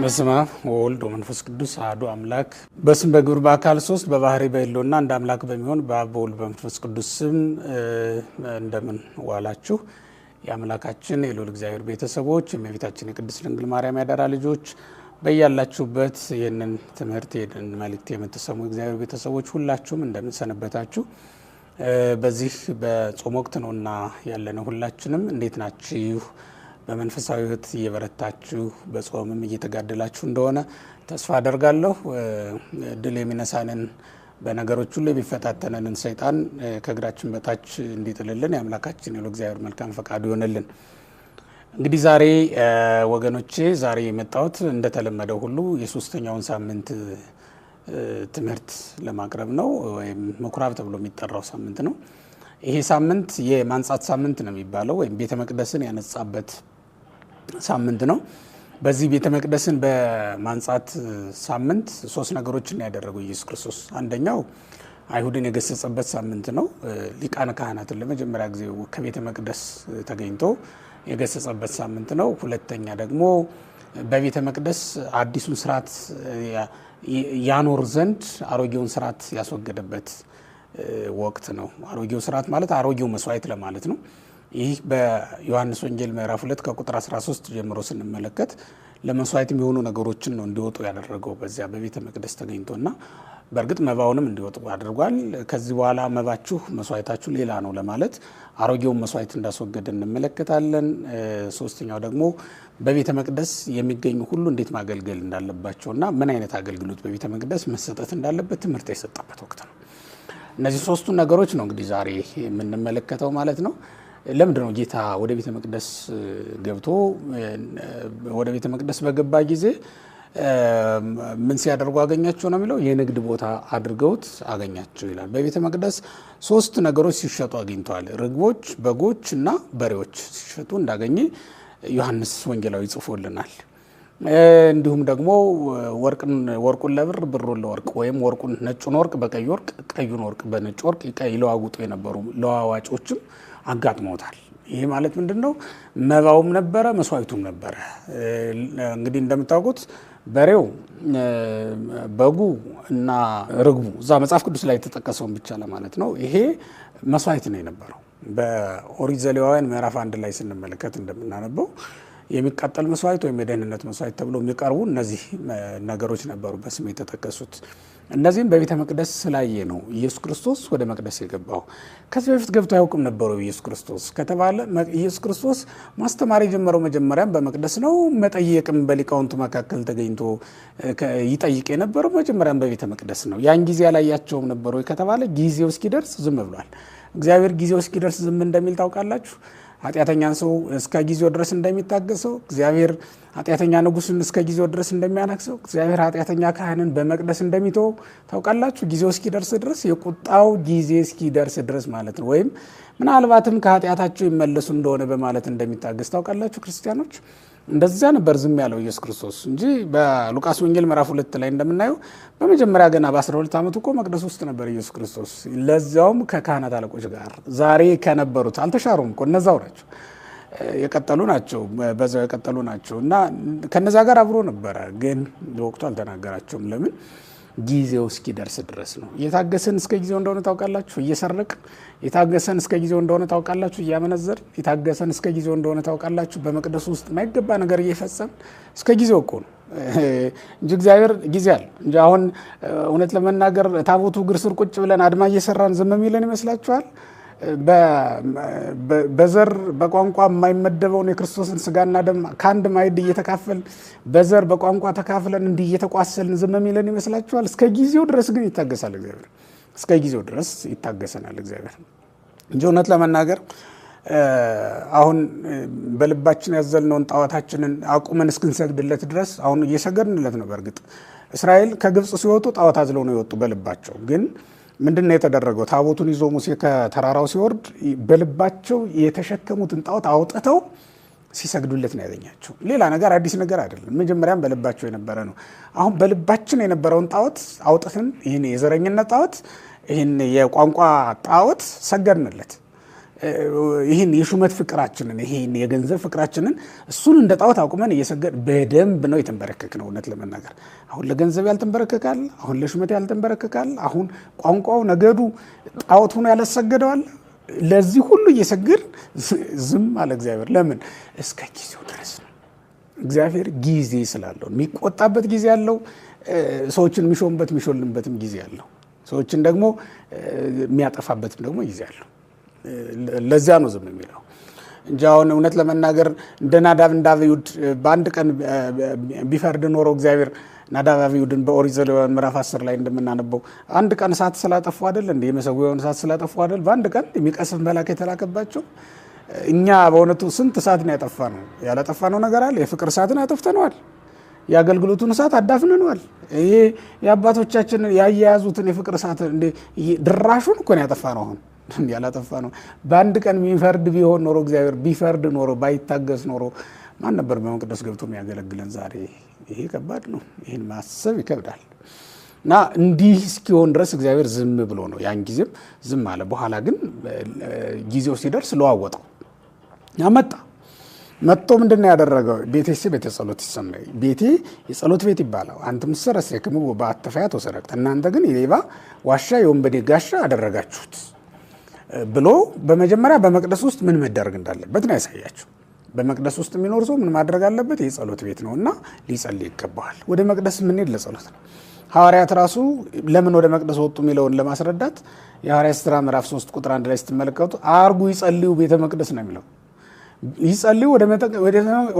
በስመ አብ ወወልድ ወመንፈስ ቅዱስ አሐዱ አምላክ። በስም በግብር በአካል ሶስት በባህሪ በሕልውና አንድ አምላክ በሚሆን በአብ በወልድ በመንፈስ ቅዱስ ስም እንደምን ዋላችሁ? የአምላካችን የልዑል እግዚአብሔር ቤተሰቦች፣ የእመቤታችን የቅድስት ድንግል ማርያም ያደራ ልጆች በያላችሁበት ይህንን ትምህርት ይህንን መልእክት የምትሰሙ እግዚአብሔር ቤተሰቦች ሁላችሁም እንደምንሰንበታችሁ በዚህ በጾም ወቅት ነውና ያለነው ሁላችንም እንዴት ናችሁ? በመንፈሳዊ ህይወት እየበረታችሁ በጾምም እየተጋደላችሁ እንደሆነ ተስፋ አደርጋለሁ። ድል የሚነሳንን በነገሮች ሁሉ የሚፈታተነንን ሰይጣን ከእግራችን በታች እንዲጥልልን የአምላካችን የሎ እግዚአብሔር መልካም ፈቃዱ ይሆንልን። እንግዲህ ዛሬ ወገኖቼ ዛሬ የመጣሁት እንደተለመደው ሁሉ የሶስተኛውን ሳምንት ትምህርት ለማቅረብ ነው። ወይም ምኩራብ ተብሎ የሚጠራው ሳምንት ነው። ይሄ ሳምንት የማንጻት ሳምንት ነው የሚባለው ወይም ቤተ መቅደስን ያነጻበት ሳምንት ነው። በዚህ ቤተ መቅደስን በማንጻት ሳምንት ሶስት ነገሮችን ያደረገው ኢየሱስ ክርስቶስ አንደኛው አይሁድን የገሰጸበት ሳምንት ነው። ሊቃነ ካህናትን ለመጀመሪያ ጊዜ ከቤተ መቅደስ ተገኝቶ የገሰጸበት ሳምንት ነው። ሁለተኛ ደግሞ በቤተ መቅደስ አዲሱን ስርዓት ያኖር ዘንድ አሮጌውን ስርዓት ያስወገደበት ወቅት ነው። አሮጌው ስርዓት ማለት አሮጌው መስዋዕት ለማለት ነው። ይህ በዮሐንስ ወንጌል ምዕራፍ ሁለት ከቁጥር 13 ጀምሮ ስንመለከት ለመስዋዕት የሚሆኑ ነገሮችን ነው እንዲወጡ ያደረገው በዚያ በቤተ መቅደስ ተገኝቶና በእርግጥ መባውንም እንዲወጡ አድርጓል። ከዚህ በኋላ መባችሁ መስዋዕታችሁ ሌላ ነው ለማለት አሮጌውን መስዋዕት እንዳስወገደ እንመለከታለን። ሶስተኛው ደግሞ በቤተ መቅደስ የሚገኙ ሁሉ እንዴት ማገልገል እንዳለባቸውና ምን አይነት አገልግሎት በቤተ መቅደስ መሰጠት እንዳለበት ትምህርት የሰጠበት ወቅት ነው። እነዚህ ሶስቱ ነገሮች ነው እንግዲህ ዛሬ የምንመለከተው ማለት ነው። ለምንድን ነው ጌታ ወደ ቤተ መቅደስ ገብቶ ወደ ቤተ መቅደስ በገባ ጊዜ ምን ሲያደርጉ አገኛቸው ነው የሚለው የንግድ ቦታ አድርገውት አገኛቸው ይላል። በቤተ መቅደስ ሶስት ነገሮች ሲሸጡ አግኝተዋል። ርግቦች፣ በጎች እና በሬዎች ሲሸጡ እንዳገኘ ዮሐንስ ወንጌላዊ ጽፎልናል። እንዲሁም ደግሞ ወርቁን ለብር ብሩን ለወርቅ ወይም ወርቁን ነጩን ወርቅ በቀይ ወርቅ ቀዩን ወርቅ በነጭ ወርቅ ይለዋውጡ የነበሩ ለዋዋጮችም አጋጥመውታል። ይህ ማለት ምንድን ነው? መባውም ነበረ፣ መስዋዕቱም ነበረ። እንግዲህ እንደምታውቁት በሬው፣ በጉ እና ርግቡ እዛ መጽሐፍ ቅዱስ ላይ የተጠቀሰውን ብቻ ለማለት ነው። ይሄ መስዋዕት ነው የነበረው። በኦሪት ዘሌዋውያን ምዕራፍ አንድ ላይ ስንመለከት እንደምናነበው የሚቃጠል መስዋዕት ወይም የደህንነት መስዋዕት ተብሎ የሚቀርቡ እነዚህ ነገሮች ነበሩ በስም የተጠቀሱት። እነዚህም በቤተ መቅደስ ስላየ ነው ኢየሱስ ክርስቶስ ወደ መቅደስ የገባው። ከዚህ በፊት ገብቶ አያውቅም ነበሩ ኢየሱስ ክርስቶስ ከተባለ ኢየሱስ ክርስቶስ ማስተማር የጀመረው መጀመሪያም በመቅደስ ነው። መጠየቅም በሊቃውንቱ መካከል ተገኝቶ ይጠይቅ የነበረው መጀመሪያም በቤተ መቅደስ ነው። ያን ጊዜ አላያቸውም ነበሩ ከተባለ ጊዜው እስኪደርስ ዝም ብሏል። እግዚአብሔር ጊዜው እስኪደርስ ዝም እንደሚል ታውቃላችሁ። ኃጢአተኛን ሰው እስከ ጊዜው ድረስ እንደሚታገሰው እግዚአብሔር ኃጢአተኛ ንጉሥን እስከ ጊዜው ድረስ እንደሚያነግሰው እግዚአብሔር ኃጢአተኛ ካህንን በመቅደስ እንደሚተው ታውቃላችሁ። ጊዜው እስኪደርስ ድረስ የቁጣው ጊዜ እስኪደርስ ድረስ ማለት ነው። ወይም ምናልባትም ከኃጢአታቸው ይመለሱ እንደሆነ በማለት እንደሚታገስ ታውቃላችሁ ክርስቲያኖች እንደዚያ ነበር ዝም ያለው ኢየሱስ ክርስቶስ እንጂ በሉቃስ ወንጌል ምዕራፍ ሁለት ላይ እንደምናየው በመጀመሪያ ገና በ12 ዓመቱ እኮ መቅደስ ውስጥ ነበር ኢየሱስ ክርስቶስ፣ ለዚያውም ከካህናት አለቆች ጋር። ዛሬ ከነበሩት አልተሻሩም እኮ እነዛው ናቸው የቀጠሉ ናቸው፣ በዛው የቀጠሉ ናቸው። እና ከነዛ ጋር አብሮ ነበረ፣ ግን ወቅቱ አልተናገራቸውም። ለምን? ጊዜው እስኪደርስ ድረስ ነው። የታገሰን እስከ ጊዜው እንደሆነ ታውቃላችሁ፣ እየሰረቅ የታገሰን እስከ ጊዜው እንደሆነ ታውቃላችሁ፣ እያመነዘር የታገሰን እስከ ጊዜው እንደሆነ ታውቃላችሁ፣ በመቅደሱ ውስጥ የማይገባ ነገር እየፈጸም እስከ ጊዜው እኮ ነው እንጂ እግዚአብሔር ጊዜ አለ እንጂ። አሁን እውነት ለመናገር ታቦቱ እግር ስር ቁጭ ብለን አድማ እየሰራን ዝም የሚለን ይመስላችኋል? በዘር በቋንቋ የማይመደበውን የክርስቶስን ስጋና ደም ከአንድ ማዕድ እየተካፈልን በዘር በቋንቋ ተካፍለን እንዲህ እየተቋሰልን ዝም የሚለን ይመስላችኋል? እስከ ጊዜው ድረስ ግን ይታገሳል እግዚአብሔር። እስከ ጊዜው ድረስ ይታገሰናል እግዚአብሔር እንጂ እውነት ለመናገር አሁን በልባችን ያዘልነውን ጣዖታችንን አቁመን እስክንሰግድለት ድረስ አሁን እየሰገድንለት ነው። በእርግጥ እስራኤል ከግብፅ ሲወጡ ጣዖት አዝለው ነው የወጡ በልባቸው ግን ምንድን ነው የተደረገው? ታቦቱን ይዞ ሙሴ ከተራራው ሲወርድ በልባቸው የተሸከሙትን ጣዖት አውጥተው ሲሰግዱለት ነው ያገኛቸው። ሌላ ነገር አዲስ ነገር አይደለም። መጀመሪያም በልባቸው የነበረ ነው። አሁን በልባችን የነበረውን ጣዖት አውጥተን ይህን የዘረኝነት ጣዖት፣ ይህን የቋንቋ ጣዖት ሰገድንለት። ይህን የሹመት ፍቅራችንን ይህን የገንዘብ ፍቅራችንን እሱን እንደ ጣዖት አቁመን እየሰገድ በደንብ ነው የተንበረከክ ነው። እውነት ለመናገር አሁን ለገንዘብ ያልተንበረከካል፣ አሁን ለሹመት ያልተንበረከካል፣ አሁን ቋንቋው ነገዱ ጣዖት ሆኖ ያላሰገደዋል። ለዚህ ሁሉ እየሰገድን ዝም አለ እግዚአብሔር። ለምን? እስከ ጊዜው ድረስ ነው። እግዚአብሔር ጊዜ ስላለው የሚቆጣበት ጊዜ አለው። ሰዎችን የሚሾምበት የሚሾልንበትም ጊዜ አለው። ሰዎችን ደግሞ የሚያጠፋበትም ደግሞ ጊዜ አለው። ለዚያ ነው ዝም የሚለው እንጂ አሁን እውነት ለመናገር እንደ ናዳብ እንደ በአንድ ቀን ቢፈርድ ኖሮ እግዚአብሔር ናዳብ አብዩድን በኦሪት ዘሌዋውያን ምዕራፍ አስር ላይ እንደምናነበው አንድ ቀን እሳት ስላጠፉ አደል እንደ የመሰዊያውን እሳት ስላጠፉ አደል በአንድ ቀን የሚቀስፍ መላክ የተላከባቸው እኛ በእውነቱ ስንት እሳትን ያጠፋ ነው ያላጠፋ ነው ነገር አለ የፍቅር እሳትን አጠፍተነዋል የአገልግሎቱን እሳት አዳፍንነዋል ይሄ የአባቶቻችን ያያያዙትን የፍቅር እሳት ድራሹን እኮን ያጠፋ ነው አሁን ያላጠፋ ነው። በአንድ ቀን የሚፈርድ ቢሆን ኖሮ እግዚአብሔር ቢፈርድ ኖሮ ባይታገስ ኖሮ ማን ነበር በመቅደስ ገብቶ የሚያገለግለን ዛሬ? ይሄ ከባድ ነው። ይህን ማሰብ ይከብዳል። እና እንዲህ እስኪሆን ድረስ እግዚአብሔር ዝም ብሎ ነው። ያን ጊዜም ዝም አለ። በኋላ ግን ጊዜው ሲደርስ ለዋወጠው ያመጣ መጣ መጥቶ ምንድን ነው ያደረገው? ሲ ቤተ ጸሎት ይሰማይ ቤቴ የጸሎት ቤት ይባላል። አንተ ሰረሰ በአተፋያ ተሰረቅተ እናንተ ግን የሌባ ዋሻ የወንበዴ ጋሻ አደረጋችሁት። ብሎ በመጀመሪያ በመቅደስ ውስጥ ምን መደረግ እንዳለበት ነው ያሳያቸው። በመቅደስ ውስጥ የሚኖር ሰው ምን ማድረግ አለበት? የጸሎት ቤት ነው እና ሊጸልይ ይገባዋል። ወደ መቅደስ የምንሄድ ለጸሎት ነው። ሐዋርያት ራሱ ለምን ወደ መቅደስ ወጡ የሚለውን ለማስረዳት የሐዋርያት ስራ ምዕራፍ 3 ቁጥር 1 ላይ ስትመለከቱ አርጉ ይጸልዩ ቤተ መቅደስ ነው የሚለው ይጸልዩ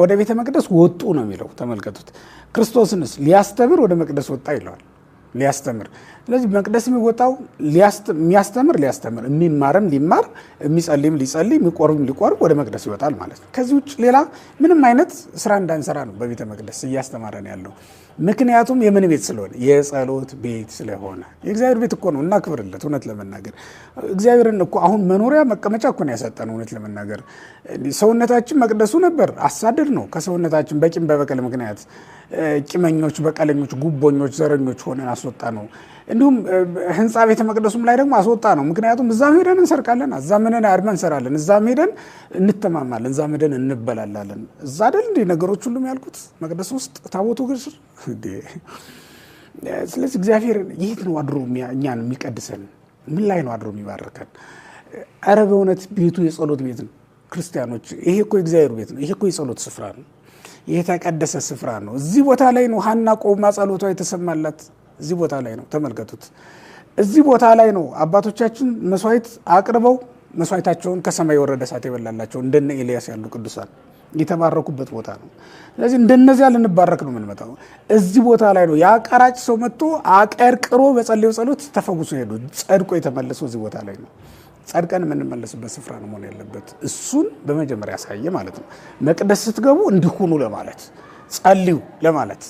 ወደ ቤተ መቅደስ ወጡ ነው የሚለው ተመልከቱት። ክርስቶስንስ ሊያስተምር ወደ መቅደስ ወጣ ይለዋል። ሊያስተምር። ስለዚህ መቅደስ የሚወጣው የሚያስተምር ሊያስተምር፣ የሚማርም ሊማር፣ የሚጸልይም ሊጸልይ፣ የሚቆርብም ሊቆርብ ወደ መቅደስ ይወጣል ማለት ነው። ከዚህ ውጭ ሌላ ምንም አይነት ስራ እንዳንሰራ ነው በቤተ መቅደስ እያስተማረን ያለው። ምክንያቱም የምን ቤት ስለሆነ የጸሎት ቤት ስለሆነ የእግዚአብሔር ቤት እኮ ነው። እናክብርለት። እውነት ለመናገር እግዚአብሔርን እኮ አሁን መኖሪያ መቀመጫ እኮ ነው ያሰጠን። እውነት ለመናገር ሰውነታችን መቅደሱ ነበር፣ አሳደድ ነው ከሰውነታችን በቂም በበቀል ምክንያት ቂመኞች፣ በቀለኞች፣ ጉቦኞች፣ ዘረኞች ሆነን አስወጣ ነው እንዲሁም ህንፃ ቤተ መቅደሱም ላይ ደግሞ አስወጣ ነው። ምክንያቱም እዛም ሄደን እንሰርቃለን፣ እዛም ሄደን አድማ እንሰራለን፣ እዛም ሄደን እንተማማለን፣ እዛም ሄደን እንበላላለን። እዛ አይደል እንዲህ ነገሮች ሁሉም ያልኩት መቅደስ ውስጥ ታቦቱ ግስር። ስለዚህ እግዚአብሔር የት ነው አድሮ እኛን የሚቀድሰን? ምን ላይ ነው አድሮ የሚባርከን? ኧረ በእውነት ቤቱ የጸሎት ቤት ነው። ክርስቲያኖች ይሄ እኮ የእግዚአብሔር ቤት ነው። ይሄ እኮ የጸሎት ስፍራ ነው። የተቀደሰ ስፍራ ነው። እዚህ ቦታ ላይ ነው ሀና ቆማ ጸሎቷ የተሰማላት። እዚህ ቦታ ላይ ነው። ተመልከቱት። እዚህ ቦታ ላይ ነው አባቶቻችን መስዋዕት አቅርበው መስዋዕታቸውን ከሰማይ የወረደ እሳት የበላላቸው እንደነ ኤልያስ ያሉ ቅዱሳን የተባረኩበት ቦታ ነው። ስለዚህ እንደነዚያ ልንባረክ ነው የምንመጣው። እዚህ ቦታ ላይ ነው የአቀራጭ ሰው መጥቶ አቀርቅሮ በጸለየው ጸሎት ተፈውሶ ሄዱ። ጸድቆ የተመለሰው እዚህ ቦታ ላይ ነው። ጸድቀን የምንመለስበት ስፍራ ነው መሆን ያለበት። እሱን በመጀመሪያ ያሳየ ማለት ነው። መቅደስ ስትገቡ እንዲሁኑ ለማለት ጸልዩ ለማለት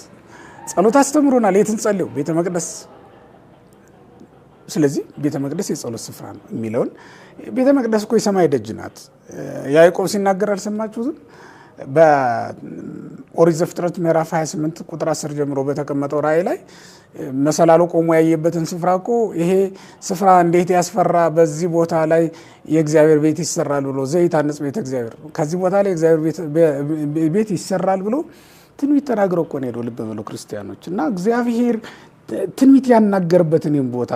ጸሎት አስተምሮናል። የትን ጸልዩ ቤተ መቅደስ። ስለዚህ ቤተ መቅደስ የጸሎት ስፍራ ነው የሚለውን ቤተ መቅደስ እኮ የሰማይ ደጅ ናት። ያዕቆብ ሲናገር አልሰማችሁትም? በኦሪት ዘፍጥረት ምዕራፍ 28 ቁጥር 10 ጀምሮ በተቀመጠው ራእይ ላይ መሰላሉ ቆሞ ያየበትን ስፍራ እኮ ይሄ ስፍራ እንዴት ያስፈራ፣ በዚህ ቦታ ላይ የእግዚአብሔር ቤት ይሰራል ብሎ ዘይታነጽ ቤተ እግዚአብሔር፣ ከዚህ ቦታ ላይ የእግዚአብሔር ቤት ይሰራል ብሎ ትንቢት ተናግረው እኮ ነው ሄደው ልብ በሉ ክርስቲያኖች። እና እግዚአብሔር ትንቢት ያናገርበትን ቦታ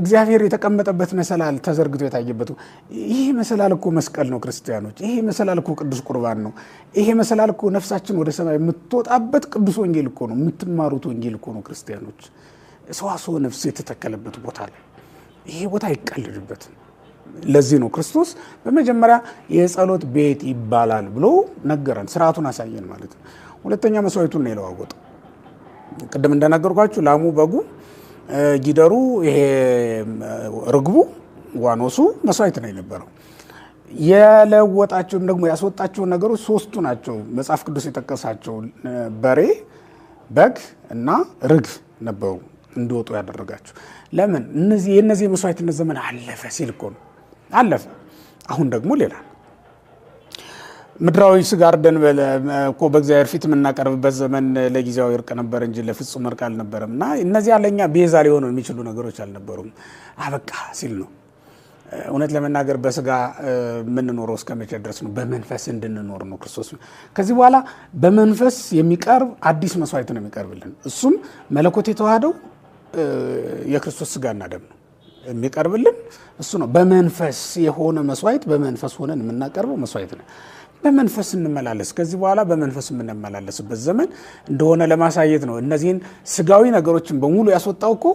እግዚአብሔር የተቀመጠበት መሰላል ተዘርግቶ የታየበት ይሄ መሰላል እኮ መስቀል ነው ክርስቲያኖች። ይሄ መሰላል እኮ ቅዱስ ቁርባን ነው። ይሄ መሰላል እኮ ነፍሳችን ወደ ሰማይ የምትወጣበት ቅዱስ ወንጌል እኮ ነው። የምትማሩት ወንጌል እኮ ነው ክርስቲያኖች። ሰዋስወ ነፍስ የተተከለበት ቦታ ላይ ይሄ ቦታ አይቀልድበትም። ለዚህ ነው ክርስቶስ በመጀመሪያ የጸሎት ቤት ይባላል ብሎ ነገረን፣ ስርዓቱን አሳየን ማለት ነው። ሁለተኛ መስዋዕቱን ነው የለዋወጠው። ቅድም እንደነገርኳችሁ ላሙ፣ በጉ፣ ጊደሩ፣ ይሄ ርግቡ፣ ዋኖሱ መስዋዕት ነው የነበረው። የለወጣቸውም ደግሞ ያስወጣቸውን ነገሮች ሶስቱ ናቸው መጽሐፍ ቅዱስ የጠቀሳቸው በሬ፣ በግ እና ርግ ነበሩ እንዲወጡ ያደረጋቸው። ለምን እነዚህ የእነዚህ መስዋዕትነት ዘመን አለፈ ሲል እኮ ነው አለፈ። አሁን ደግሞ ሌላ ምድራዊ ስጋ አርደን እኮ በእግዚአብሔር ፊት የምናቀርብበት ዘመን ለጊዜያዊ እርቅ ነበር እንጂ ለፍጹም እርቅ አልነበረም። እና እነዚያ ለእኛ ቤዛ ሊሆኑ የሚችሉ ነገሮች አልነበሩም። አበቃ ሲል ነው። እውነት ለመናገር በስጋ የምንኖረው እስከ መቼ ድረስ ነው? በመንፈስ እንድንኖር ነው ክርስቶስ። ከዚህ በኋላ በመንፈስ የሚቀርብ አዲስ መስዋዕት ነው የሚቀርብልን። እሱም መለኮት የተዋህደው የክርስቶስ ስጋ ደም ነው። የሚቀርብልን እሱ ነው። በመንፈስ የሆነ መስዋዕት በመንፈስ ሆነን የምናቀርበው መስዋዕት ነው። በመንፈስ እንመላለስ። ከዚህ በኋላ በመንፈስ የምንመላለስበት ዘመን እንደሆነ ለማሳየት ነው። እነዚህን ስጋዊ ነገሮችን በሙሉ ያስወጣው እኮ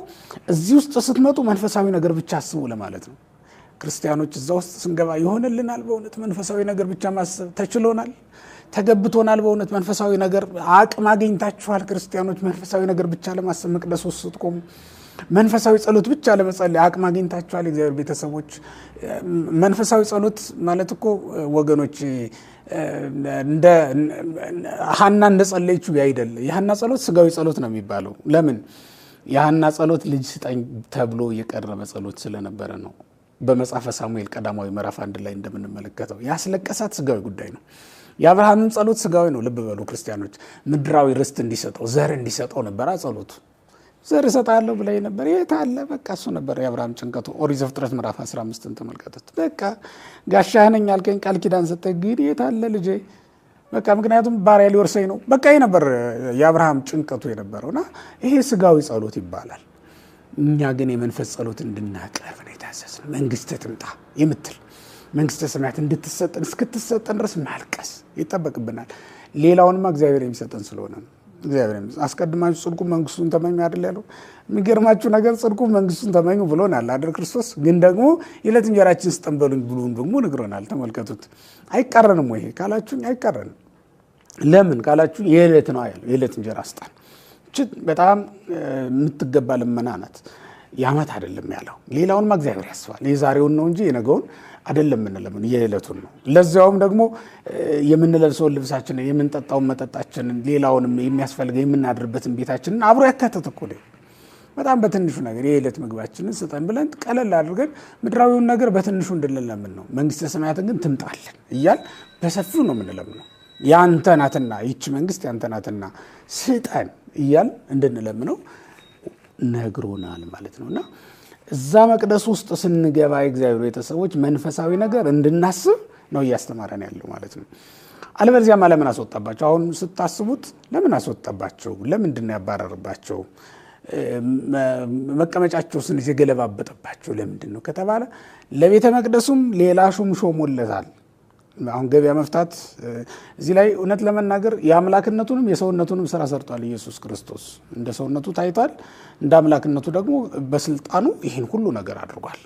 እዚህ ውስጥ ስትመጡ መንፈሳዊ ነገር ብቻ አስቡ ለማለት ነው። ክርስቲያኖች እዛ ውስጥ ስንገባ ይሆንልናል በእውነት መንፈሳዊ ነገር ብቻ ማሰብ ተችሎናል፣ ተገብቶናል። በእውነት መንፈሳዊ ነገር አቅም አግኝታችኋል ክርስቲያኖች፣ መንፈሳዊ ነገር ብቻ ለማሰብ መቅደስ ውስጥ ስትቆሙ መንፈሳዊ ጸሎት ብቻ ለመጸለይ አቅም አግኝታችኋል። እግዚአብሔር ቤተሰቦች መንፈሳዊ ጸሎት ማለት እኮ ወገኖች ሀና እንደጸለየችው አይደለም። የሀና ጸሎት ስጋዊ ጸሎት ነው የሚባለው። ለምን የሀና ጸሎት ልጅ ስጠኝ ተብሎ የቀረበ ጸሎት ስለነበረ ነው። በመጽሐፈ ሳሙኤል ቀዳማዊ ምዕራፍ አንድ ላይ እንደምንመለከተው ያስለቀሳት ስጋዊ ጉዳይ ነው። የአብርሃምም ጸሎት ስጋዊ ነው። ልብ በሉ ክርስቲያኖች፣ ምድራዊ ርስት እንዲሰጠው ዘር እንዲሰጠው ነበራ ጸሎቱ ዘር እሰጥሃለሁ ብላኝ ነበር። የት አለ? በቃ እሱ ነበር የአብርሃም ጭንቀቱ። ኦሪት ዘፍጥረት ምዕራፍ 15ን ተመልከቱት። በቃ ጋሻህ ነኝ አልከኝ፣ ቃል ኪዳን ሰጠ፣ ግን የት አለ ልጄ? በቃ ምክንያቱም ባሪያ ሊወርሰኝ ነው። በቃ ይህ ነበር የአብርሃም ጭንቀቱ የነበረውና ይሄ ስጋዊ ጸሎት ይባላል። እኛ ግን የመንፈስ ጸሎት እንድናቀርብ ነው የታዘዝን። መንግስት ትምጣ የምትል መንግስተ ሰማያት እንድትሰጠን እስክትሰጠን ድረስ ማልቀስ ይጠበቅብናል። ሌላውንማ እግዚአብሔር የሚሰጠን ስለሆነ ነው። እግዚአብሔር ይመስገን። አስቀድማችሁ ጽድቁ መንግስቱን ተመኙ አይደል ያለው? የሚገርማችሁ ነገር ጽድቁ መንግስቱን ተመኙ ብሎናል አይደል ክርስቶስ። ግን ደግሞ የዕለት እንጀራችን ስጠን በሉን ብሉን ደግሞ ነግሮናል። ተመልከቱት። አይቃረንም ወይ ካላችሁኝ አይቃረንም። ለምን ካላችሁ የዕለት ነው ያለው። የዕለት እንጀራ ስጠን በጣም የምትገባ ልመና ናት። የዓመት አይደለም ያለው። ሌላውንማ እግዚአብሔር ያስባል። የዛሬውን ነው እንጂ የነገውን አይደለም የምንለምን የዕለቱን ነው። ለዚያውም ደግሞ የምንለብሰውን ልብሳችንን፣ የምንጠጣውን መጠጣችንን፣ ሌላውንም የሚያስፈልገው የምናድርበትን ቤታችንን አብሮ ያካተት እኮ በጣም በትንሹ ነገር የዕለት ምግባችንን ስጠን ብለን ቀለል አድርገን ምድራዊውን ነገር በትንሹ እንድንለምን ነው። መንግስተ ሰማያትን ግን ትምጣለን እያል በሰፊው ነው የምንለምነው። ያንተ ናትና ይቺ መንግስት ያንተ ናትና ስጠን እያል እንድንለምነው ነግሮናል ማለት ነው እና እዛ መቅደስ ውስጥ ስንገባ የእግዚአብሔር ቤተሰቦች መንፈሳዊ ነገር እንድናስብ ነው እያስተማረን ያለው ማለት ነው። አለበለዚያማ ለምን አስወጣባቸው? አሁን ስታስቡት ለምን አስወጣባቸው? ለምንድን ያባረርባቸው? መቀመጫቸው ስንት የገለባበጠባቸው ለምንድን ነው ከተባለ ለቤተ መቅደሱም ሌላ ሹም ሾሞለታል። አሁን ገበያ መፍታት እዚህ ላይ እውነት ለመናገር የአምላክነቱንም የሰውነቱንም ስራ ሰርቷል ኢየሱስ ክርስቶስ። እንደ ሰውነቱ ታይቷል፣ እንደ አምላክነቱ ደግሞ በስልጣኑ ይህን ሁሉ ነገር አድርጓል።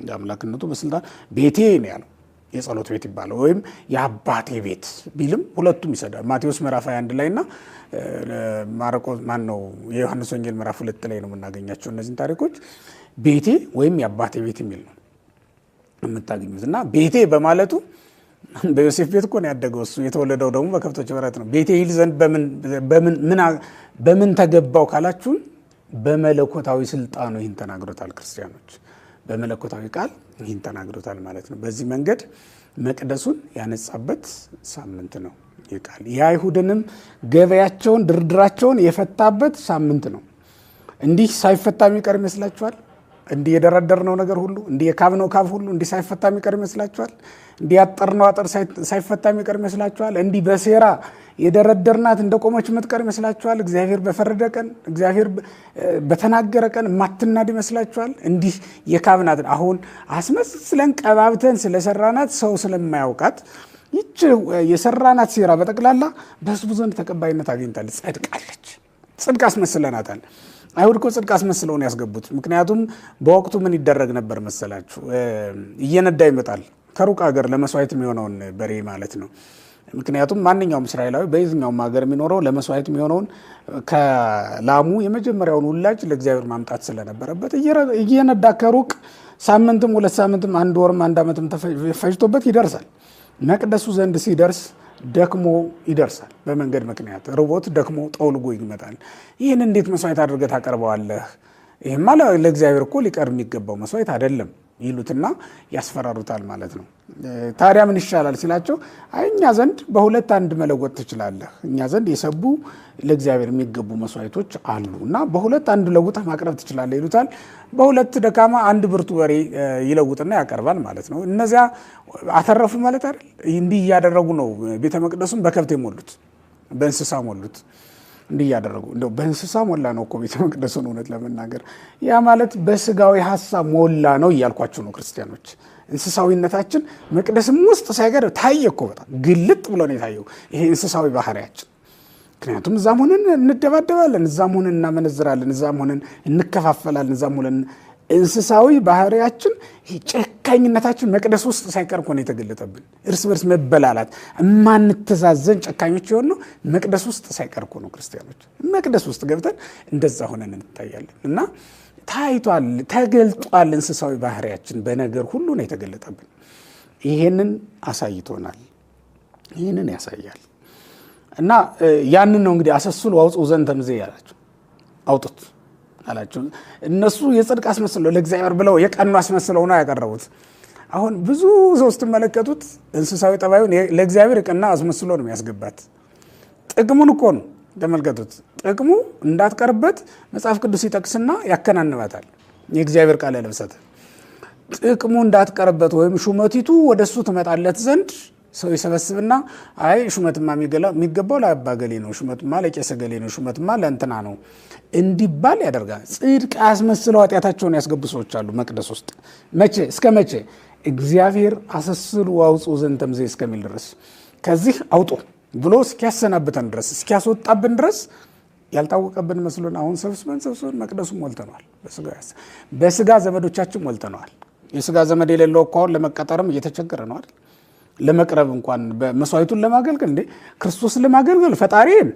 እንደ አምላክነቱ በስልጣን ቤቴ ነው ያለው የጸሎት ቤት ይባላል ወይም የአባቴ ቤት ቢልም ሁለቱም ይሰዳል። ማቴዎስ ምዕራፍ 21 ላይ እና ማርቆስ ማን ነው የዮሐንስ ወንጌል ምዕራፍ ሁለት ላይ ነው የምናገኛቸው እነዚህን ታሪኮች ቤቴ ወይም የአባቴ ቤት የሚል ነው የምታገኙት እና ቤቴ በማለቱ በዮሴፍ ቤት እኮ ነው ያደገው እሱ። የተወለደው ደግሞ በከብቶች በረት ነው። ቤቴ ይል ዘንድ በምን ተገባው ካላችሁን፣ በመለኮታዊ ስልጣኑ ይህን ተናግሮታል። ክርስቲያኖች በመለኮታዊ ቃል ይህን ተናግሮታል ማለት ነው። በዚህ መንገድ መቅደሱን ያነጻበት ሳምንት ነው ይህ የአይሁድንም ገበያቸውን ድርድራቸውን የፈታበት ሳምንት ነው። እንዲህ ሳይፈታ የሚቀር ይመስላችኋል? እንዲህ የደረደርነው ነገር ሁሉ እንዲህ የካብነው ካብ ሁሉ እንዲህ ሳይፈታ የሚቀር ይመስላችኋል? እንዲህ ያጠርነው አጥር ሳይፈታ የሚቀር ይመስላችኋል? እንዲህ በሴራ የደረደርናት እንደ ቆመች የምትቀር ይመስላችኋል? እግዚአብሔር በፈረደ ቀን፣ እግዚአብሔር በተናገረ ቀን የማትናድ ይመስላችኋል? እንዲህ ናት አሁን አስመስለን ቀባብተን ስለሰራናት ሰው ስለማያውቃት ይች የሰራናት ሴራ በጠቅላላ በህዝቡ ዘንድ ተቀባይነት አግኝታለች፣ ጸድቃለች። ጽድቅ አስመስለናታል። አይሁድ እኮ ጽድቅ አስመስለው ነው ያስገቡት። ምክንያቱም በወቅቱ ምን ይደረግ ነበር መሰላችሁ? እየነዳ ይመጣል ከሩቅ ሀገር ለመስዋዕት የሚሆነውን በሬ ማለት ነው። ምክንያቱም ማንኛውም እስራኤላዊ በየትኛውም ሀገር የሚኖረው ለመስዋዕት የሚሆነውን ከላሙ የመጀመሪያውን ውላጅ ለእግዚአብሔር ማምጣት ስለነበረበት እየነዳ ከሩቅ ሳምንትም ሁለት ሳምንትም አንድ ወርም አንድ ዓመትም ፈጅቶበት ይደርሳል። መቅደሱ ዘንድ ሲደርስ ደክሞ ይደርሳል። በመንገድ ምክንያት ርቦት ደክሞ ጠውልጎ ይመጣል። ይህን እንዴት መስዋዕት አድርገህ ታቀርበዋለህ? ይህማ ለእግዚአብሔር እኮ ሊቀርብ የሚገባው መስዋዕት አይደለም። ይሉትና ያስፈራሩታል ማለት ነው። ታዲያ ምን ይሻላል ሲላቸው፣ እኛ ዘንድ በሁለት አንድ መለወጥ ትችላለህ። እኛ ዘንድ የሰቡ ለእግዚአብሔር የሚገቡ መስዋዕቶች አሉ እና በሁለት አንድ ለውጠህ ማቅረብ ትችላለህ ይሉታል። በሁለት ደካማ አንድ ብርቱ በሬ ይለውጥና ያቀርባል ማለት ነው። እነዚያ አተረፉ ማለት አይደል። እንዲህ እያደረጉ ነው ቤተ መቅደሱን በከብት የሞሉት፣ በእንስሳ ሞሉት። እንዲህ እያደረጉ እንደው በእንስሳ ሞላ ነው እኮ ቤተ መቅደሱን እውነት ለመናገር ያ ማለት በስጋዊ ሀሳብ ሞላ ነው እያልኳቸው ነው ክርስቲያኖች እንስሳዊነታችን መቅደስም ውስጥ ሳይገር ታየ እኮ በጣም ግልጥ ብሎ ነው የታየው ይሄ እንስሳዊ ባህሪያችን ምክንያቱም እዛም ሆነን እንደባደባለን እዛም ሆነን እናመነዝራለን እዛም ሆነን እንከፋፈላለን እዛም ሆነን እንስሳዊ ባህሪያችን ጨካኝነታችን መቅደስ ውስጥ ሳይቀር እኮ ነው የተገለጠብን። እርስ በርስ መበላላት፣ እማንተዛዘን ጨካኞች የሆኑ መቅደስ ውስጥ ሳይቀር እኮ ነው። ክርስቲያኖች መቅደስ ውስጥ ገብተን እንደዛ ሆነን እንታያለን እና ታይቷል፣ ተገልጧል። እንስሳዊ ባህሪያችን በነገር ሁሉ ነው የተገለጠብን። ይሄንን አሳይቶናል። ይህንን ያሳያል እና ያንን ነው እንግዲህ አሰሱል አውፁ ዘንተ እምዜ ያላቸው አውጡት አላቸው። እነሱ የጽድቅ አስመስለው ለእግዚአብሔር ብለው የቀኑ አስመስለው ነው ያቀረቡት። አሁን ብዙ ሰው ስትመለከቱት እንስሳዊ ጠባዩን ለእግዚአብሔር የቀና አስመስሎ ነው የሚያስገባት። ጥቅሙን እኮ ነው ተመልከቱት። ጥቅሙ እንዳትቀርበት መጽሐፍ ቅዱስ ይጠቅስና ያከናንባታል። የእግዚአብሔር ቃል ለብሰት ጥቅሙ እንዳትቀርበት ወይም ሹመቲቱ ወደሱ ትመጣለት ዘንድ ሰው ይሰበስብና አይ ሹመትማ የሚገባው ለአባገሌ ነው፣ ሹመትማ ለቄሰ ገሌ ነው፣ ሹመትማ ለእንትና ነው እንዲባል ያደርጋል። ጽድቅ አያስመስለው ኃጢአታቸውን ያስገቡ ሰዎች አሉ መቅደስ ውስጥ መቼ እስከ መቼ? እግዚአብሔር አሰስሉ አውፁ ዘንተም ዘ እስከሚል ድረስ ከዚህ አውጡ ብሎ እስኪያሰናብተን ድረስ እስኪያስወጣብን ድረስ ያልታወቀብን መስሎን አሁን ሰብስበን ሰብስበን መቅደሱ ሞልተነዋል። በስጋ ዘመዶቻችን ሞልተነዋል። የስጋ ዘመድ የሌለው እኮ አሁን ለመቀጠርም እየተቸገረ ነው አይደል? ለመቅረብ እንኳን መስዋዕቱን ለማገልገል እንዴ ክርስቶስን ለማገልገል ፈጣሪን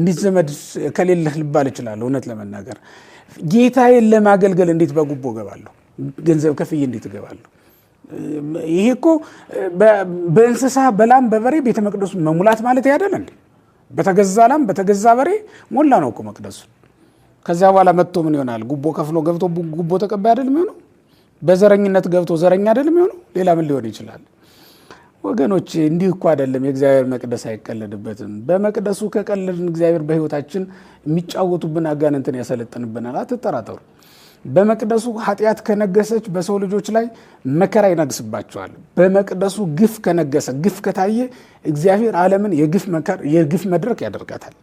እንዴት ዘመድ ከሌለህ ልባል እችላለሁ? እውነት ለመናገር ጌታዬን ለማገልገል እንዴት በጉቦ እገባለሁ? ገንዘብ ከፍዬ እንዴት እገባለሁ? ይሄ እኮ በእንስሳ በላም በበሬ ቤተ መቅደሱ መሙላት ማለት ያደለ እንዴ? በተገዛ ላም በተገዛ በሬ ሞላ ነው እኮ መቅደሱ ከዚያ በኋላ መጥቶ ምን ይሆናል? ጉቦ ከፍሎ ገብቶ ጉቦ ተቀባይ አይደል የሚሆነው? በዘረኝነት ገብቶ ዘረኛ አይደል የሚሆነው? ሌላ ምን ሊሆን ይችላል? ወገኖች እንዲህ እኮ አይደለም። የእግዚአብሔር መቅደስ አይቀለድበትም። በመቅደሱ ከቀለድን እግዚአብሔር በሕይወታችን የሚጫወቱብን አጋንንትን ያሰለጥንብናል። አትጠራጠሩ። በመቅደሱ ኃጢአት ከነገሰች በሰው ልጆች ላይ መከራ ይነግስባቸዋል። በመቅደሱ ግፍ ከነገሰ ግፍ ከታየ እግዚአብሔር ዓለምን የግፍ መድረክ ያደርጋታል።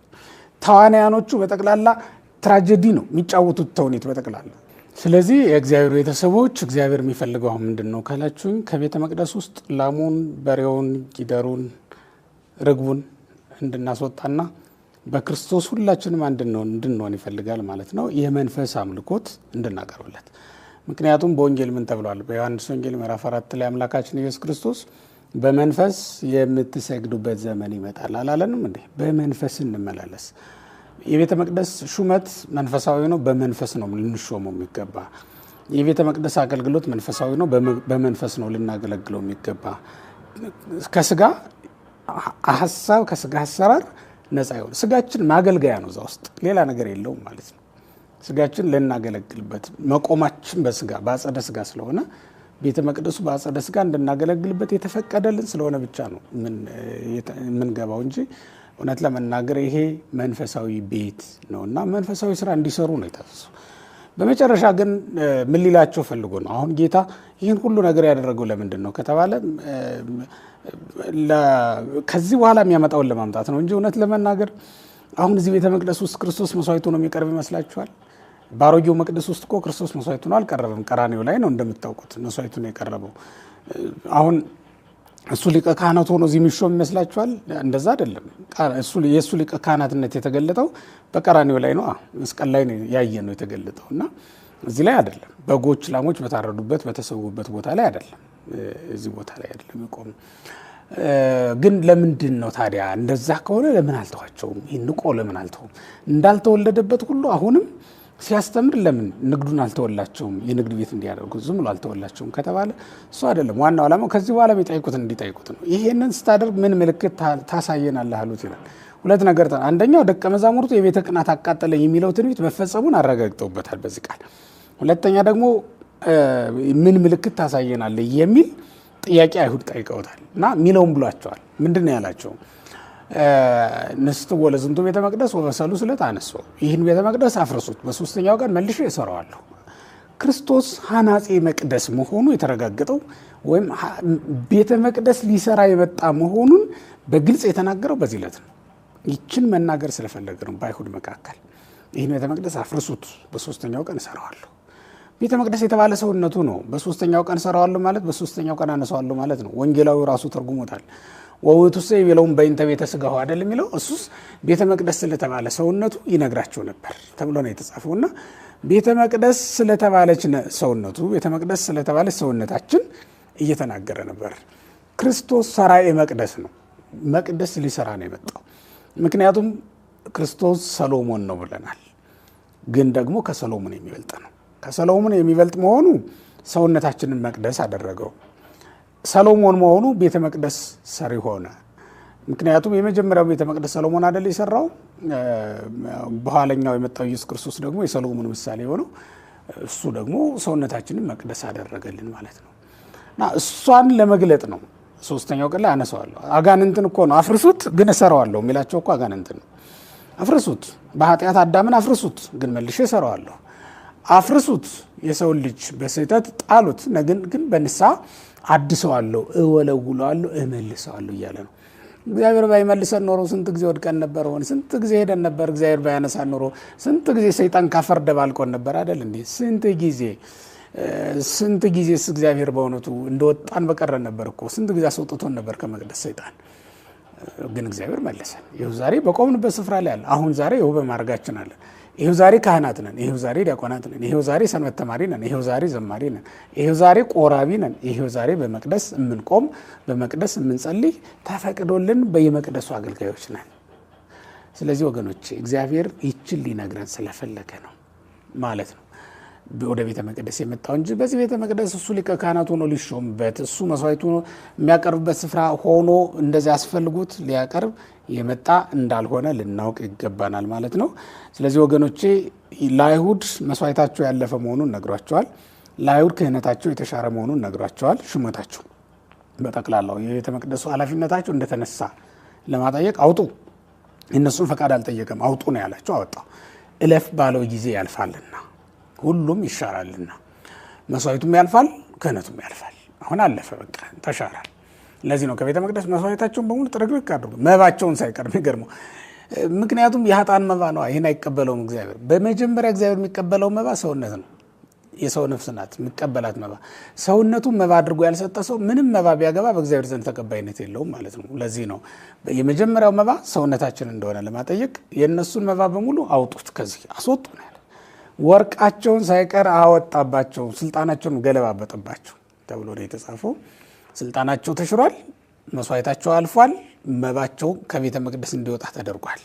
ተዋናያኖቹ በጠቅላላ ትራጀዲ ነው የሚጫወቱት ተውኔት በጠቅላላ ስለዚህ የእግዚአብሔር ቤተሰቦች እግዚአብሔር የሚፈልገው አሁን ምንድን ነው ካላችሁኝ፣ ከቤተ መቅደስ ውስጥ ላሙን፣ በሬውን፣ ጊደሩን፣ ርግቡን እንድናስወጣና በክርስቶስ ሁላችንም አንድ እንድንሆን ይፈልጋል ማለት ነው። የመንፈስ አምልኮት እንድናቀርብለት ምክንያቱም በወንጌል ምን ተብሏል? በዮሐንስ ወንጌል ምዕራፍ አራት ላይ አምላካችን ኢየሱስ ክርስቶስ በመንፈስ የምትሰግዱበት ዘመን ይመጣል አላለንም እንዴ? በመንፈስ እንመላለስ የቤተ መቅደስ ሹመት መንፈሳዊ ነው። በመንፈስ ነው ልንሾመው የሚገባ የቤተ መቅደስ አገልግሎት መንፈሳዊ ነው። በመንፈስ ነው ልናገለግለው የሚገባ ከስጋ ሀሳብ ከስጋ አሰራር ነፃ ይሆን። ስጋችን ማገልገያ ነው፣ እዛ ውስጥ ሌላ ነገር የለውም ማለት ነው። ስጋችን ልናገለግልበት መቆማችን በስጋ በአጸደ ስጋ ስለሆነ ቤተ መቅደሱ በአጸደ ስጋ እንድናገለግልበት የተፈቀደልን ስለሆነ ብቻ ነው የምንገባው እንጂ እውነት ለመናገር ይሄ መንፈሳዊ ቤት ነው እና መንፈሳዊ ስራ እንዲሰሩ ነው የታዘዙ። በመጨረሻ ግን ምን ሊላቸው ፈልጎ ነው አሁን ጌታ ይህን ሁሉ ነገር ያደረገው ለምንድን ነው ከተባለ ከዚህ በኋላ የሚያመጣውን ለማምጣት ነው እንጂ እውነት ለመናገር አሁን እዚህ ቤተ መቅደስ ውስጥ ክርስቶስ መስዋዕት ሆኖ የሚቀርብ ይመስላችኋል? በአሮጌው መቅደስ ውስጥ እኮ ክርስቶስ መስዋዕት ሆኖ አልቀረበም። ቀራኔው ላይ ነው እንደምታውቁት መስዋዕት ሆኖ የቀረበው አሁን እሱ ሊቀ ካህናት ሆኖ እዚህ የሚሾም ይመስላችኋል? እንደዛ አይደለም። የእሱ ሊቀ ካህናትነት የተገለጠው በቀራኒው ላይ ነው፣ መስቀል ላይ ያየ ነው የተገለጠው እና እዚህ ላይ አይደለም። በጎች ላሞች በታረዱበት በተሰዉበት ቦታ ላይ አይደለም። እዚህ ቦታ ላይ አይደለም የቆመው። ግን ለምንድን ነው ታዲያ? እንደዛ ከሆነ ለምን አልተዋቸውም? ይህን ንቆ ለምን አልተውም? እንዳልተወለደበት ሁሉ አሁንም ሲያስተምር ለምን ንግዱን አልተወላቸውም? የንግድ ቤት እንዲያደርጉ ዝም ብሎ አልተወላቸውም ከተባለ እሱ አይደለም ዋናው ዓላማው። ከዚህ በኋላ የሚጠይቁትን እንዲጠይቁት ነው። ይሄንን ስታደርግ ምን ምልክት ታሳየናለህ አሉት ይላል። ሁለት ነገር፣ አንደኛው ደቀ መዛሙርቱ የቤተ ቅናት አቃጠለ የሚለው ትንቢት መፈጸሙን አረጋግጠውበታል በዚህ ቃል። ሁለተኛ ደግሞ ምን ምልክት ታሳየናለህ የሚል ጥያቄ አይሁድ ጠይቀውታል እና ሚለውም ብሏቸዋል። ምንድን ነው ያላቸው? ንስት ለዝንቱ ቤተ መቅደስ ወበሰሉ ስለት አነሶ ይህን ቤተ መቅደስ አፍርሱት፣ በሶስተኛው ቀን መልሼ እሰራዋለሁ። ክርስቶስ ሐናፄ መቅደስ መሆኑ የተረጋገጠው ወይም ቤተ መቅደስ ሊሰራ የመጣ መሆኑን በግልጽ የተናገረው በዚህ ዕለት ነው። ይችን መናገር ስለፈለገ ነው። በአይሁድ መካከል ይህን ቤተ መቅደስ አፍርሱት፣ በሶስተኛው ቀን እሰራዋለሁ። ቤተ መቅደስ የተባለ ሰውነቱ ነው። በሶስተኛው ቀን እሰራዋለሁ ማለት በሶስተኛው ቀን አነሳዋለሁ ማለት ነው። ወንጌላዊ ራሱ ተርጉሞታል። ሰ የሚለውን በይንተ ቤተ ስጋሁ አይደል የሚለው እሱስ ቤተ መቅደስ ስለተባለ ሰውነቱ ይነግራቸው ነበር ተብሎ ነው እና ቤተ መቅደስ ስለተባለች ሰውነቱ ቤተ መቅደስ ስለተባለች ሰውነታችን እየተናገረ ነበር። ክርስቶስ ሰራኤ መቅደስ ነው። መቅደስ ሊሰራ ነው የመጣው። ምክንያቱም ክርስቶስ ሰሎሞን ነው ብለናል፣ ግን ደግሞ ከሰሎሞን የሚበልጥ ነው። ከሰሎሞን የሚበልጥ መሆኑ ሰውነታችንን መቅደስ አደረገው። ሰሎሞን መሆኑ ቤተ መቅደስ ሰሪ ሆነ። ምክንያቱም የመጀመሪያው ቤተ መቅደስ ሰሎሞን አደል የሰራው። በኋለኛው የመጣው ኢየሱስ ክርስቶስ ደግሞ የሰሎሞን ምሳሌ የሆነው እሱ ደግሞ ሰውነታችንን መቅደስ አደረገልን ማለት ነው እና እሷን ለመግለጥ ነው። ሶስተኛው ቀን ላይ አነሰዋለሁ አጋንንትን እኮ ነው አፍርሱት፣ ግን እሰራዋለሁ የሚላቸው እኮ አጋንንትን ነው። አፍርሱት፣ በኃጢአት አዳምን አፍርሱት፣ ግን መልሼ እሰራዋለሁ አፍርሱት፣ የሰው ልጅ በስህተት ጣሉት፣ ነግን ግን በንስሐ አድሰዋለሁ፣ እወለውለዋለሁ፣ እመልሰዋለሁ እያለ ነው። እግዚአብሔር ባይመልሰን ኖሮ ስንት ጊዜ ወድቀን ነበር ሆን ስንት ጊዜ ሄደን ነበር። እግዚአብሔር ባያነሳን ኖሮ ስንት ጊዜ ሰይጣን ካፈር ደባልቆን ነበር አይደል እንዴ? ስንት ጊዜ ስንት ጊዜ እግዚአብሔር በእውነቱ እንደወጣን በቀረን ነበር እኮ ስንት ጊዜ አስወጥቶን ነበር ከመቅደስ ሰይጣን። ግን እግዚአብሔር መለሰን። ይኸው ዛሬ በቆምንበት ስፍራ ላይ አለ። አሁን ዛሬ ይኸው በማድረጋችን አለን። ይሄው ዛሬ ካህናት ነን፣ ይሄው ዛሬ ዲያቆናት ነን፣ ይሄው ዛሬ ሰንበት ተማሪ ነን፣ ይሄው ዛሬ ዘማሪ ነን፣ ይሄው ዛሬ ቆራቢ ነን፣ ይሄው ዛሬ በመቅደስ የምንቆም በመቅደስ የምንጸልይ ተፈቅዶልን በየመቅደሱ አገልጋዮች ነን። ስለዚህ ወገኖች እግዚአብሔር ይችን ሊነግረን ስለፈለገ ነው ማለት ነው። ወደ ቤተ መቅደስ የመጣው እንጂ በዚህ ቤተ መቅደስ እሱ ሊቀ ካህናት ሆኖ ሊሾምበት እሱ መስዋዕቱ የሚያቀርብበት ስፍራ ሆኖ እንደዚህ አስፈልጎት ሊያቀርብ የመጣ እንዳልሆነ ልናውቅ ይገባናል ማለት ነው። ስለዚህ ወገኖቼ ለአይሁድ መስዋዕታቸው ያለፈ መሆኑን ነግሯቸዋል። ለአይሁድ ክህነታቸው የተሻረ መሆኑን ነግሯቸዋል። ሹመታቸው በጠቅላላው የቤተ መቅደሱ ኃላፊነታቸው እንደተነሳ ለማጠየቅ አውጡ፣ እነሱን ፈቃድ አልጠየቀም። አውጡ ነው ያላቸው። አወጣው እለፍ ባለው ጊዜ ያልፋልና ሁሉም ይሻራልና መስዋዕቱም ያልፋል፣ ክህነቱም ያልፋል። አሁን አለፈ፣ በቃ ተሻራል። ለዚህ ነው ከቤተ መቅደስ መስዋዕታቸውን በሙሉ ጥርግርግ አድርጉ፣ መባቸውን ሳይቀር የሚገርመው ምክንያቱም የሀጣን መባ ነው። ይህን አይቀበለውም እግዚአብሔር። በመጀመሪያ እግዚአብሔር የሚቀበለው መባ ሰውነት ነው። የሰው ነፍስ ናት የሚቀበላት መባ። ሰውነቱ መባ አድርጎ ያልሰጠ ሰው ምንም መባ ቢያገባ በእግዚአብሔር ዘንድ ተቀባይነት የለውም ማለት ነው። ለዚህ ነው የመጀመሪያው መባ ሰውነታችን እንደሆነ ለማጠየቅ የእነሱን መባ በሙሉ አውጡት፣ ከዚህ አስወጡ ነው ወርቃቸውን ሳይቀር አወጣባቸው፣ ስልጣናቸውን ገለባበጠባቸው ተብሎ ነው የተጻፈው። ስልጣናቸው ተሽሯል፣ መስዋዕታቸው አልፏል፣ መባቸው ከቤተ መቅደስ እንዲወጣ ተደርጓል።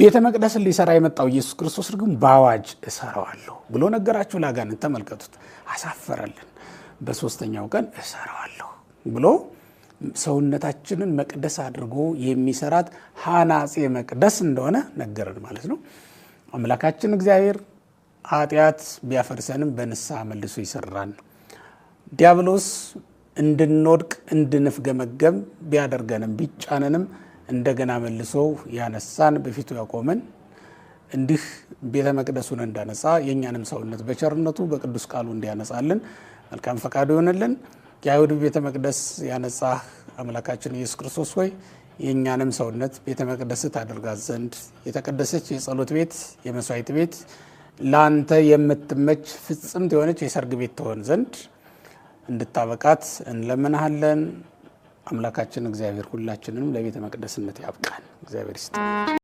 ቤተ መቅደስን ሊሰራ የመጣው ኢየሱስ ክርስቶስ ግን በአዋጅ እሰራዋለሁ ብሎ ነገራችሁ ላጋንን ተመልከቱት፣ አሳፈረልን። በሶስተኛው ቀን እሰራዋለሁ ብሎ ሰውነታችንን መቅደስ አድርጎ የሚሰራት ሐናፄ መቅደስ እንደሆነ ነገረን ማለት ነው። አምላካችን እግዚአብሔር ኃጢአት ቢያፈርሰንም በንስሐ መልሶ ይሰራል። ዲያብሎስ እንድንወድቅ እንድንፍገመገም ቢያደርገንም ቢጫነንም እንደገና መልሶ ያነሳን በፊቱ ያቆመን እንዲህ ቤተ መቅደሱን እንዳነጻ የእኛንም ሰውነት በቸርነቱ በቅዱስ ቃሉ እንዲያነጻልን መልካም ፈቃዱ ይሆንልን። የአይሁድ ቤተ መቅደስ ያነጻህ አምላካችን ኢየሱስ ክርስቶስ ሆይ የእኛንም ሰውነት ቤተ መቅደስ ታደርጋት ዘንድ የተቀደሰች የጸሎት ቤት የመስዋዕት ቤት ለአንተ የምትመች ፍጽምት የሆነች የሰርግ ቤት ትሆን ዘንድ እንድታበቃት እንለምናሃለን። አምላካችን እግዚአብሔር ሁላችንም ለቤተ መቅደስነት ያብቃን። እግዚአብሔር ይስጥ።